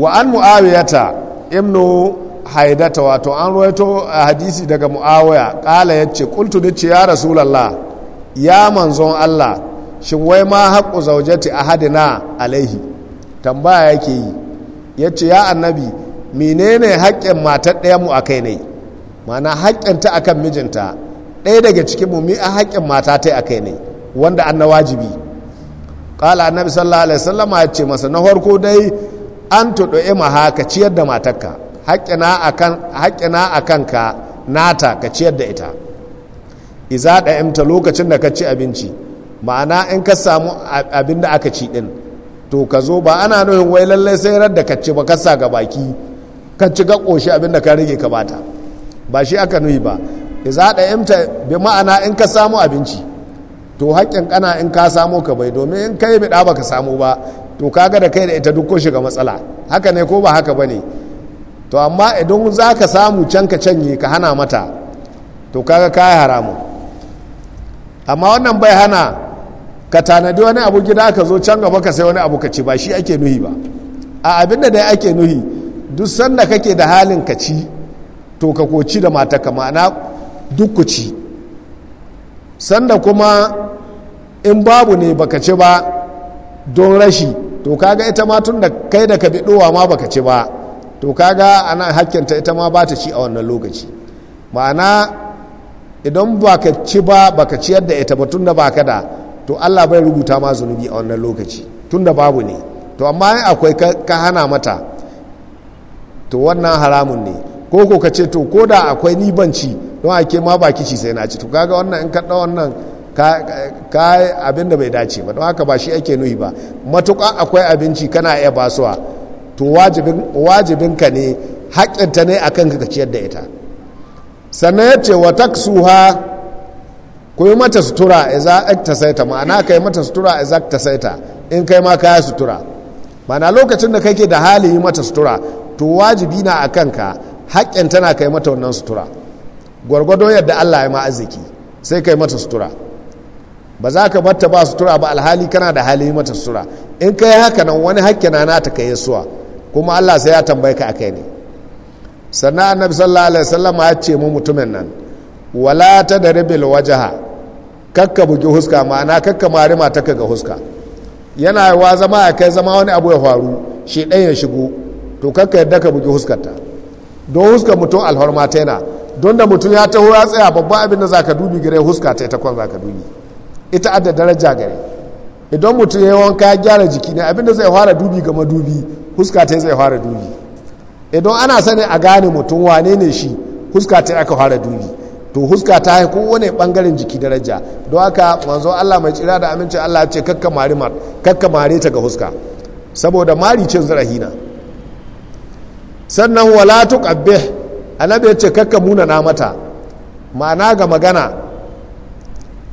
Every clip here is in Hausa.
wa an mu'awiyata ibnu haidata wato an ruwaito hadisi daga mu'awiya kala yace qultu ce ya rasulullah ya manzon Allah shin wai ma zaujati a hadina alaihi tambaya yake yi yace ya annabi menene haƙƙin matar ɗaya mu kai ne mana haƙƙin ta akan mijinta ɗaya daga cikin mu mi a haƙƙin mata ta akai ne wanda an na wajibi qala annabi sallallahu alaihi wasallama yace masa na farko dai an tuɗo'e maha ka ciyar da matarka haƙƙina a kanka nata ka ciyar da ita iza ɗa'imta lokacin da ka ci abinci ma'ana in ka samu abin da aka ci ɗin to ka zo ba ana nuhin wai lallai sai rar da ka ci ba ka sa ga baki ka ci ga ƙoshi abin da ka rage ka bata ba shi aka nuhi ba iza ɗa'imta bi ma'ana in ka samu abinci to haƙƙin kana in ka samu ka bai domin in kai biɗa ba ka samu ba to kaga da kai da ita duk ko shiga matsala haka ne ko ba haka ba ne to amma idan za ka samu can ka canye ka hana mata to kaga yi haramu amma wannan bai hana ka tanadi wani abu gida ka zo can gaba ka sai wani abu ka ci ba shi ake nuhi ba a abin da dai ake nuhi duk sanda kake da halin ka ci to ka koci da mata ka ma'ana duk ku ci sanda kuma in babu ne baka ci ba don rashi to kaga ita ma tun da kai da ka ɗowa ma baka ci ba to kaga ana hakkinta ita ma ba ta ci a wannan lokaci ma'ana idan ba ka ci ba baka ciyar da ita ba tun da baka da to allah bai rubuta ma zunubi a wannan lokaci tun da babu ne to amma in akwai ka hana mata to wannan haramun ne ko ko ka ce to ko da akwai ni ban ci don ake ma baki ci sai na ci to kaga wannan in ka wannan ka abin da bai dace ba don haka ba shi ake nuhi ba matuƙa akwai abinci kana iya basuwa to wajibinka ne haƙinta ne a kan ka ciyar da ita sannan ya ce wa ha ku yi mata sutura ta saita ma'ana ka yi mata sutura ta saita in kai ma kaya sutura mana lokacin da kake da hali yi mata sutura to wajibi na a kanka haƙƙin tana kai mata wannan sutura gwargwado yadda allah ya ma arziki sai kai mata sutura ba za ka mata ba sutura ba alhali kana da hali mata sutura in ka yi haka nan wani hakki na nata ka yi suwa kuma allah sai ya tambaye ka kai ne sannan annabi sallallahu alaihi wasallam ya ce mu mutumin nan wala ta da ribil wajaha kakka bugi huska ma'ana kakka mari mata ka ga huska yana wa zama ya kai zama wani abu ya faru shi ɗan ya shigo to kakka yadda ka bugi huskarta don huskar mutum alhorma ta yana don da mutum ya taho ya tsaya babban abin da za ka dubi gire huska ta ita kwan za ka dubi ita adda daraja gare idan mutum ya yi wanka ya gyara jiki ne abinda zai fara dubi ga madubi huska ta zai fara dubi idan ana sani a gane mutum wane ne shi huska ta aka fara dubi to huska ta haiku wane bangaren jiki daraja don haka manzo Allah mai tsira da amincin Allah ce kakka mare ta ga huska saboda mari cin zarahina sannan wala tuqabbih annabi ya ce kakka muna na mata ma'ana ga magana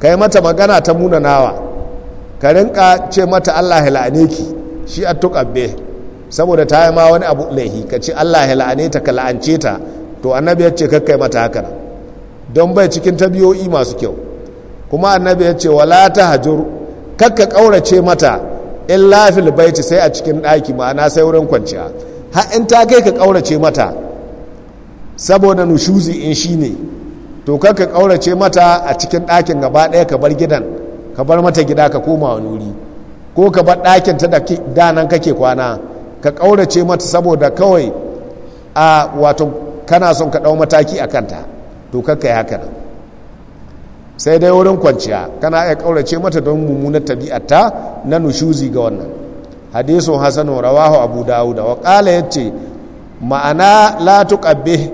ka yi mata magana ta munanawa ka rinka ce mata allah la'ane ki shi a tukabbe saboda ta yi ma wani abu laihi ka ce allah la'ane ta ka la'ance ta to annabi ya ce kakkai mata haka don bai cikin tabiyoyi masu kyau kuma annabi ya ce wala ta hajur kakka kaurace mata in lafil baiti sai a cikin ɗaki ma'ana sai wurin kwanciya har in ta kai ka kaurace mata saboda nushuzi in shi ne to kaka kaurace mata a cikin ɗakin gaba ɗaya ka bar gidan ka bar mata gida ka koma wa nuri ko ka bar ɗakin ta da nan kake kwana ka ƙaurace mata saboda kawai a wato kana son ka ɗau mataki a kanta to kaka yi haka nan sai dai wurin kwanciya kana iya kaurace mata don mummunar tabi'ata na nushuzi ga wannan hadisun hasanu rawahu abu dawuda wa kala yace ma'ana la tuqabbi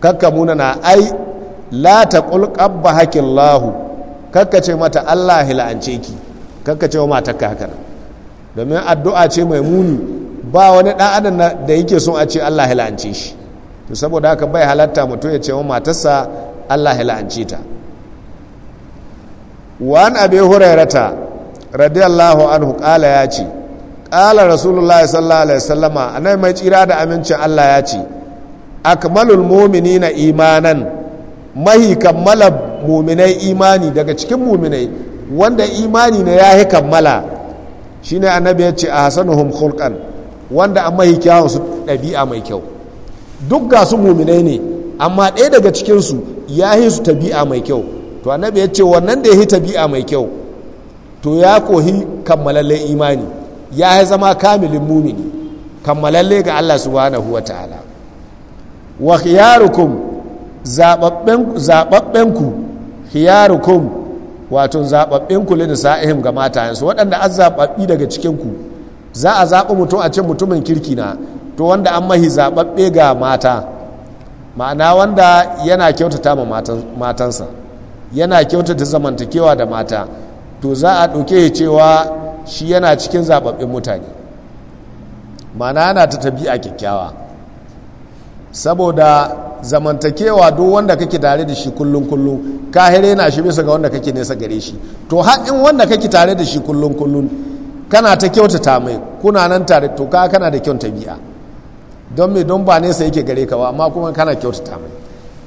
kakka muna na ai la taqul qabba lahu kakka ce mata Allah hila'ance ki kakka ce wa mata kakar domin addu'a ce mai muni ba wani dan da yake son a ce Allah hila'ance shi to saboda haka bai halatta mutu ya ce wa matarsa Allah hila'ance ta wa abin abi hurairata radiyallahu anhu qala ya ce ƙala rasulullah sallallahu mai tsira da amincin Allah ya ce imanan mahi kammala muminai imani daga cikin muminai wanda imani na ya yi kammala shine annabi ya ce a hasanuhum hulkan wanda an mahi kyawun su ɗabi'a mai kyau duk ga su muminai ne amma ɗaya daga cikinsu ya yi su tabi'a mai kyau to annabi ya ce wannan da ya yi tabi'a mai kyau to ya kohi kammalallen imani ya yi zama kamilin mumini kammalalle ga allah subhanahu wa ta'ala wa khiyarukum zaɓaɓɓenku hiyarukum wato zaɓaɓɓenku sa'ihim ga matayensu waɗanda an zaɓaɓɓi daga cikinku za a zaɓi mutum a ce mutumin kirki na to wanda an mahi zaɓaɓɓe ga mata ma'ana wanda yana kyautata ma matansa yana kyautata zamantakewa da mata to za a ɗauke cewa shi yana cikin zaɓaɓɓen mutane ma'ana yana ta tabi'a kyakkyawa saboda zamantakewa duk wanda kake tare da shi kullum kullum ka na shi bisa ga wanda kake nesa gare shi to har in wanda kake tare da shi kullum kullum kana ta kyautata mai kuna nan tare to ka kana da kyauta biya don me don ba nesa yake gare ka ba amma kuma kana kyautata mai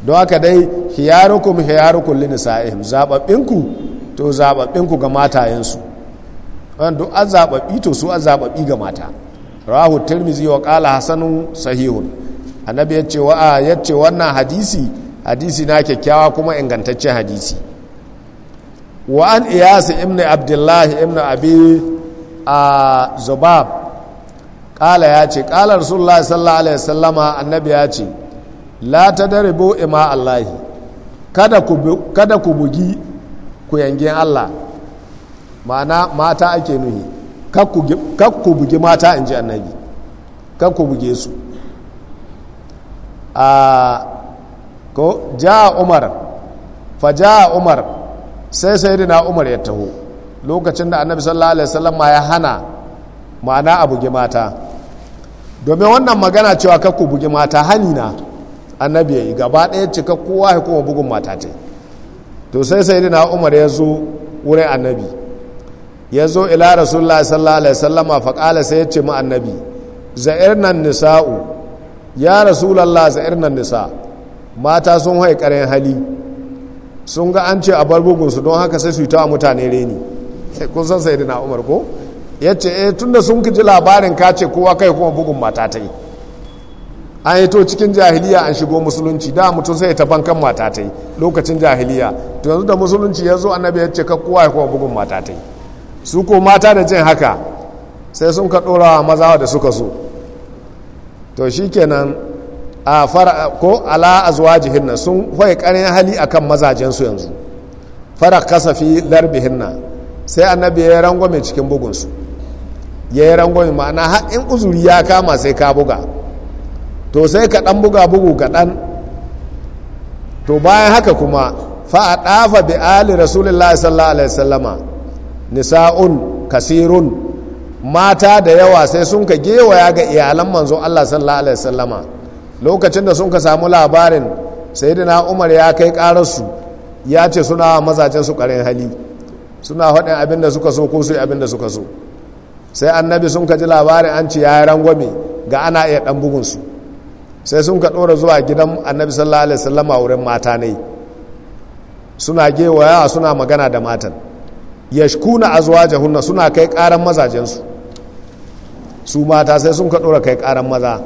don haka dai hiyarukum hiyarukum sa'ihim zababbinku to zababbinku ga matayensu wannan duk azababbi to su azababbi ga mata rahu tirmizi wa qala hasanun sahihun annabi ya ce wa'a ya ce wannan hadisi hadisi na kyakkyawa kuma ingantaccen hadisi wa an iyasi ibn abdullahi ibn abi a zubab kala ya ce kala rasulullahi sallallahu alaihi wasallama annabi ya ce la tadribu ima allahi kada ku kada ku bugi ku yangin Allah ma'ana mata ake nuhi kakku bugi mata in ji annabi kakku buge su a ko ja umar fa ja umar sai sayyidina umar ya taho lokacin da annabi sallallahu alaihi wasallam ya hana ma'ana a bugi mata domin wannan magana cewa kakku bugi mata hani na annabi ya yi gaba daya cika kowa ya kuma bugun mata ce to sai sayyidina umar ya zo wurin annabi ya zo ila rasulullahi sallallahu alaihi wasallam fa qala sai ya ce mu annabi za'irnan nisa'u ya rasulallah sa'ir nan nisa mata sun karen hali sun ga an ce a bar bugunsu don haka sai su yi ta mutane reni kun san sai na umar ko ya ce eh tun da sun kiji labarin ka ce kowa kai kuma bugun mata ta yi an yi to cikin jahiliya an shigo musulunci da mutum sai ta bankan mata ta yi lokacin jahiliya to yanzu da musulunci yanzu annabi ya ce ka kowa ya kuma bugun mata ta yi su ko mata da jin haka sai sun ka ɗora maza da suka so to shi kenan a fara ko ala hinna sun hoye ƙarin hali akan mazajensu yanzu fara kasafi hinna sai annabi ya yi rangwame cikin bugunsu ya yi rangwame ma'ana haɗin uzuri ya kama sai ka buga to sai ka ɗan buga bugu ɗan. to bayan haka kuma fa a ɗafa bi'ali ali alaihi nisa'un kasirun mata da yawa sai sun ka gewaya ga iyalan manzo Allah sallallahu alaihi wasallama lokacin da sun ka samu labarin sayyidina Umar ya kai ƙararsu ya ce suna mazajen su ƙarin hali suna faɗin abin da suka so ko su abin da suka so sai annabi sun ka ji labarin an ci yayin rangwame ga ana iya bugun bugunsu sai sun ka ɗora zuwa gidan annabi sallallahu alaihi wasallama wurin mata ne suna gewaya suna magana da matan yashkuna azwajahunna suna kai karan mazajensu su mata sai sun ka ɗora kai ƙaran maza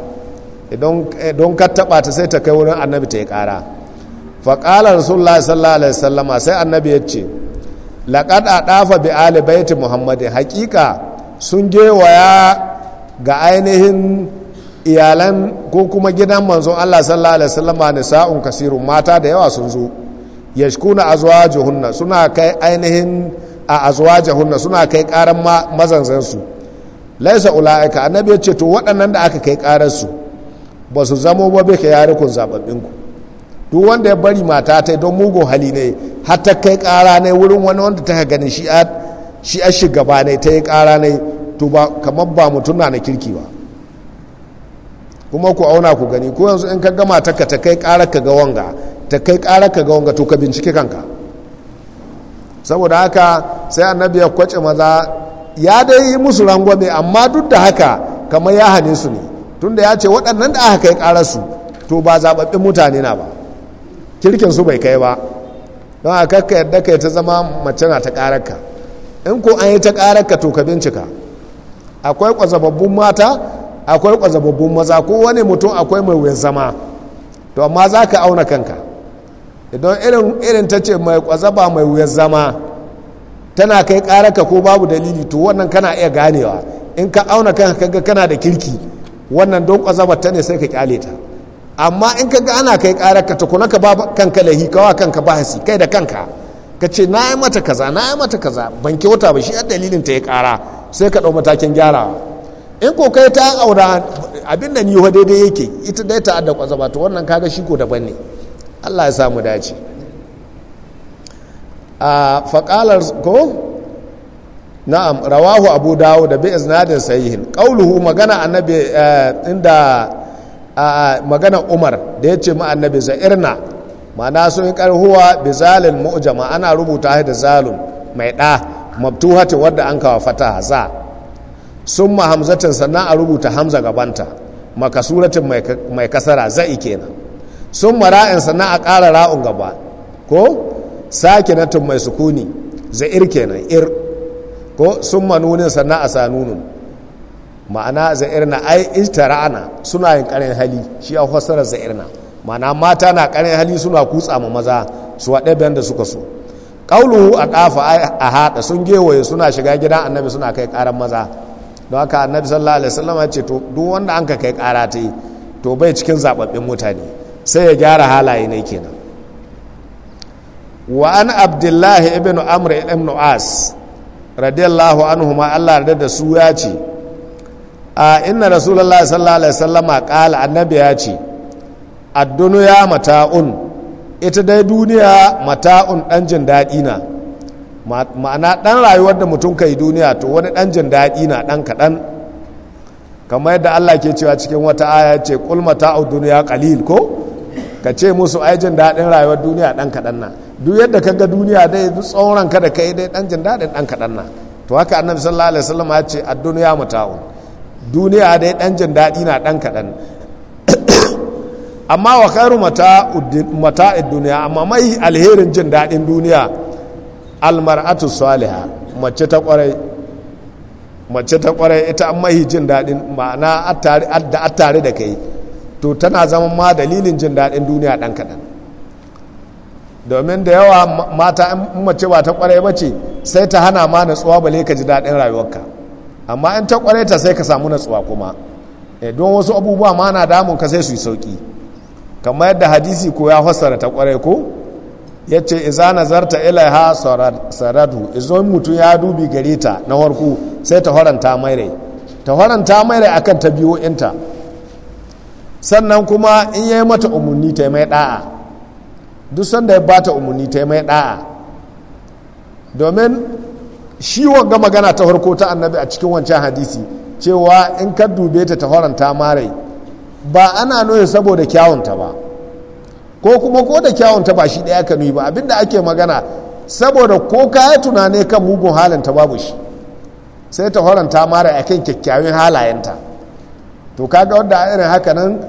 don ka taɓa ta sai ta kai wurin annabi ta yi ƙara faƙalar rasulullah sallallahu alaihi sallama sai annabi ya ce laƙad a ɗafa bi alibaiti muhammadin haƙiƙa sun gewaya ga ainihin iyalan ko kuma gidan manzon allah sallallahu alaihi sallama ne sa'un kasirun mata da yawa sun zo yashkuna jihunna suna kai ainihin a jihunna suna kai ƙaran mazanzansu laisa ula'ika annabi ya ce to waɗannan da aka kai ƙararsu ba su zamo ba bai ka yarikun zaɓaɓɓinku duk wanda ya bari mata ta don mugu hali ne har ta kai ƙara ne wurin wani wanda ta gani shi a shigaba ne ta yi ƙara ne to ba kamar ba mutum na na kirki ba kuma ku auna ku gani ko yanzu in ka gama ta ka ta kai ƙara ka ga wanga ta kai ƙara ka ga wanga to ka bincike kanka saboda haka sai annabi ya kwace maza ya dai yi musu rangwame amma duk da haka kamar ya hane su ne tunda ya ce waɗannan da aka kai su to ba zaɓaɓɓin mutane na ba kirkin su bai kai ba don a kakka yadda kai ta zama mace na ta ƙararka in ko an yi ta ƙararka to ka bincika akwai ƙwazababbun mata akwai ƙwazababbun maza ko wani mutum akwai mai wuyan zama to amma za ka auna kanka idan irin ta ce mai ƙwazaba mai wuyan zama tana kai karaka ko babu dalili to wannan kana iya ganewa in ka auna kanka kaga kana da kirki wannan don kwazabar ta ne sai ka kyale ta amma in ka ga ana kai karaka ta kuna ka ba kanka lahi kawa kanka hasi kai da kanka ka ce na yi mata kaza na yi mata kaza ban kyauta ba shi a dalilin ta ya kara sai ka ɗau matakin gyarawa in ko kai ta aura abin da ni daidai yake ita dai ta adda kwazaba to wannan kaga shi ko daban ne Allah ya samu dace a faƙalar ko na'am rawahu abu dawo da bi isnadin sayihin ƙauluhu magana annabi eh, inda magana umar da ya ce ma annabi za'irna ma'ana sun ƙarhuwa bi zalin ma'ujama ana rubuta shi da zalun mai ɗa mabtuhatin wadda an kawa fata za ma hamzatin sannan a rubuta hamza gabanta makasuratin mai kasara za'i kenan sun mara'in sannan a ƙara ra'un gaba ko sake na tun mai sukuni za'ir kenan ir ko sun manunin sannan a sanunun ma'ana za'ir na ai ana suna yin karin hali shi ya fassara za'ir na ma'ana mata na karin hali suna kutsa ma maza su waɗe bayan da suka so ƙaulu a ƙafa a haɗa sun gewaye suna shiga gidan annabi suna kai ƙaran maza don haka annabi sallallahu alaihi wasallam ya ce to duk wanda an ka kai ƙara ta yi to bai cikin zaɓaɓɓen mutane sai ya gyara halaye ne kenan wa an abdullahi ibn amr ibn as radiyallahu anhu ma Allah radda da su ya ce a inna rasulullahi sallallahu alaihi wasallama qala annabi ya ce ad mata'un ita dai duniya mata'un dan jin daɗi na ma'ana dan rayuwar da mutum kai duniya to wani dan jin daɗi na dan kaɗan kamar yadda Allah ke cewa cikin wata aya ce qul mata'u dunya qalil ko ka ce musu ai jin daɗin rayuwar duniya dan kaɗan nan duk yadda ka ga duniya dai duk tsauran ka da kai dai dan jin daɗin dan kaɗan na to haka annabi sallallahu alaihi wasallam ya ce a duniya muta'un duniya dai dan jin daɗi na dan kaɗan amma wa khairu mata'id duniya amma mai alherin jin daɗin duniya almar'atu salihah mace ta kwarai mace ta kwarai ita an mai jin daɗin ma'ana attare da kai to tana zama ma dalilin jin daɗin duniya ɗan kaɗan domin da yawa mata in mace ba ta kwarai ba ce sai ta hana ma natsuwa bale ka ji daɗin rayuwarka amma in ta kwarai ta sai ka samu natsuwa kuma eh, don wasu abubuwa ma na damun ka sai su yi sauki kamar yadda hadisi ko ya fassara ta kwarai ko ya ce iza nazarta ilaiha saradu izo mutum ya dubi gare ta na farko sai ta haranta mai rai ta haranta mai rai akan ta biyo inta sannan kuma in yayi mata umurni ta mai da'a duk sanda ya bata umarni ta mai da'a domin shi wanga magana ta harko ta annabi a cikin wancan hadisi cewa in ka dube ta ta haranta marai ba ana noye saboda kyawunta ba ko kuma ko da kyawunta ba shi ɗaya ka nuyi ba abinda ake magana saboda ko ka yi tunane kan mugun halinta babu shi sai ta a marai kan halayen halayenta to kaga wadda irin haka nan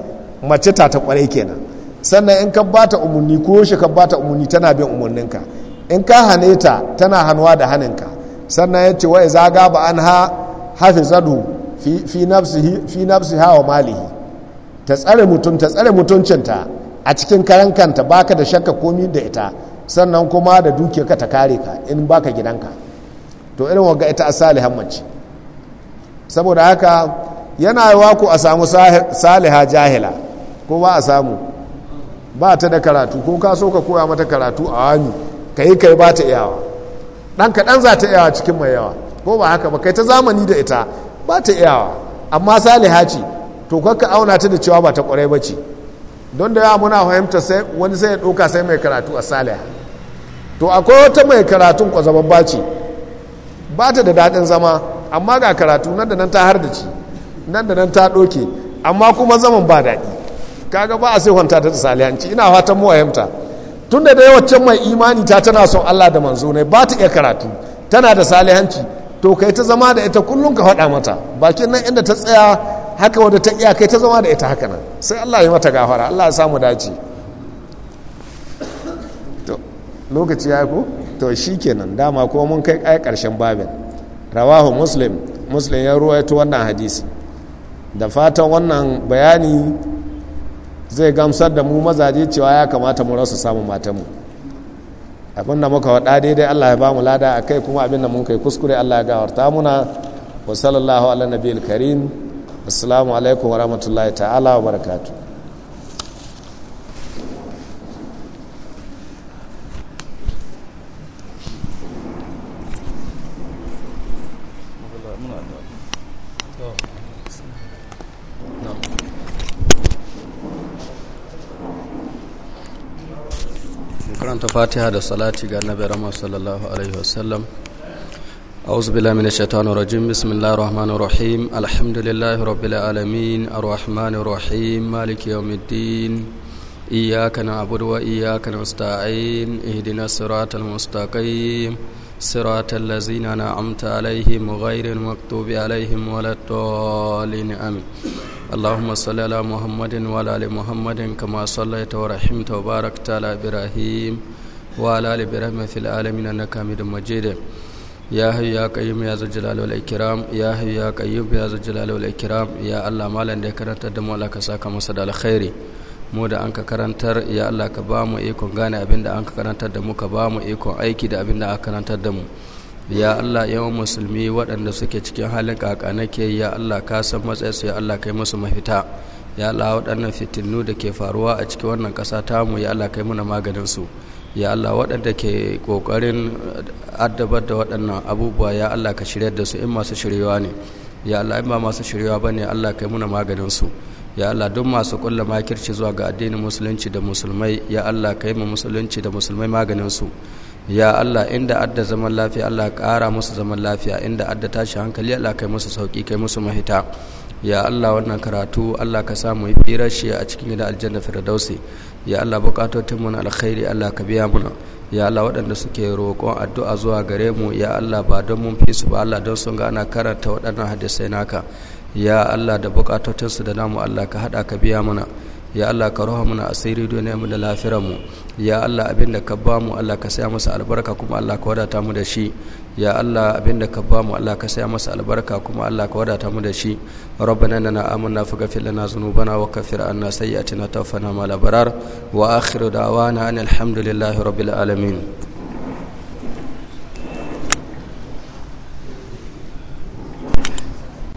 mace ta ta kwarai kenan sannan in ka bata umarni ko yaushe ka bata umarni tana bin umarninka in ka hane ta tana hanuwa da haninka sannan ya ce wai zaga ba an ha zadu fi nafsi hawa malihi ta tsare mutum ta tsare mutuncinta a cikin karan kanta baka da shakka komi da ita sannan kuma da dukiyarka ta kare ka in baka gidanka to irin waga ita asalihan mace saboda haka yana yawa ku a samu saliha jahila ko ba a samu ba ta da karatu ko ka so ka koya mata karatu a wani ka yi kai ba ta iyawa ɗan kaɗan za ta iyawa cikin mai yawa ko ba haka ba kai ta zamani da ita ba ta iyawa amma saliha ce to kakka auna ta da cewa ba ta ƙwarai ba ce don da yawa muna fahimta sai wani sai ya ɗauka sai mai karatu a saliha to akwai wata mai karatun ba ce ba ta da daɗin zama amma ga karatu nan da nan ta har da ci nan da nan ta ɗoke amma kuma zaman ba daɗi kaga ba a sai wanta ta salihanci ina fatan mu fahimta tun da yawancin mai imani ta tana son Allah da manzo ne ba ta iya karatu tana da salihanci to kai ta zama da ita kullun ka faɗa mata bakin nan inda ta tsaya haka wanda ta iya kai ta zama da ita haka nan sai Allah ya mata gafara Allah ya samu dace to lokaci ya ko to shikenan dama ko mun kai kai karshen babin rawahu muslim muslim ya ruwaito wannan hadisi da fatan wannan bayani zai gamsar da mu mazaje cewa ya kamata mu rasa samun matanmu abinda muka waɗa daidai Allah ya ba mu lada a kai kuma abinda mun kai kuskure Allah ya gawarta muna wa sallallahu ala nabiyil karim assalamu alaikum wa rahmatullahi ta'ala wa barakatuh karanta fatiha da salati ga annabi rahman sallallahu alaihi wasallam a'udhu billahi maliki yawmiddin iyyaka na'budu wa iyyaka nasta'in ihdinas siratal mustaqim siratal ladzina اللهم صل على محمد وعلى ال محمد كما صليت ورحمت وباركت على ابراهيم وعلى ال ابراهيم في العالمين انك حميد مجيد يا حي يا قيوم يا ذا الجلال والاكرام يا حي يا قيوم يا ذا الجلال والاكرام يا الله مالن da karantar da mu Allah ka saka masa da alkhairi mu da anka karantar ya Allah ka ba mu ikon gane abin da anka karantar da mu ka ba mu ikon aiki da abin da aka karantar da mu ya Allah yawan musulmi waɗanda suke cikin halin ke ya Allah ka san matsayinsu ya Allah kai musu mafita ya Allah waɗannan fitinu da ke faruwa a cikin wannan ƙasa tamu ya Allah kai muna maganin su ya Allah waɗanda ke ƙoƙarin addabar da waɗannan abubuwa ya Allah ka shirya da su in masu shiryewa ne ya Allah in ba masu shiryewa ba ne Allah kai muna maganin su ya Allah duk masu kulla makirci zuwa ga addinin musulunci da musulmai ya Allah kai mu musulunci da musulmai maganin su ya Allah inda adda zaman lafiya Allah ƙara musu zaman lafiya inda adda tashi hankali Allah kai musu sauki kai musu mahita ya Allah wannan karatu Allah ka samu firar shi a cikin gidan aljanna firdausi ya Allah bukatotin mu na alkhairi Allah ka biya muna ya Allah waɗanda suke roƙon addu'a zuwa gare mu ya Allah ba don mun fi su ba Allah don sun ga ana karanta waɗannan hadisai naka ya Allah da bukatotin su da namu Allah ka hada ka biya mana ya Allah ka roha muna asiri duniyar mu da lafiyar mu ya Allah abin da ka ba mu Allah ka saya masa albarka kuma Allah ka wadata mu da shi ya Allah abin da ka ba mu Allah ka saya masa albarka kuma Allah ka wadata mu da shi rabbana lana amanna faghfir lana dhunubana wa kaffir anna sayyi'atina tawaffana ma la wa akhiru da'wana alhamdulillahi rabbil alamin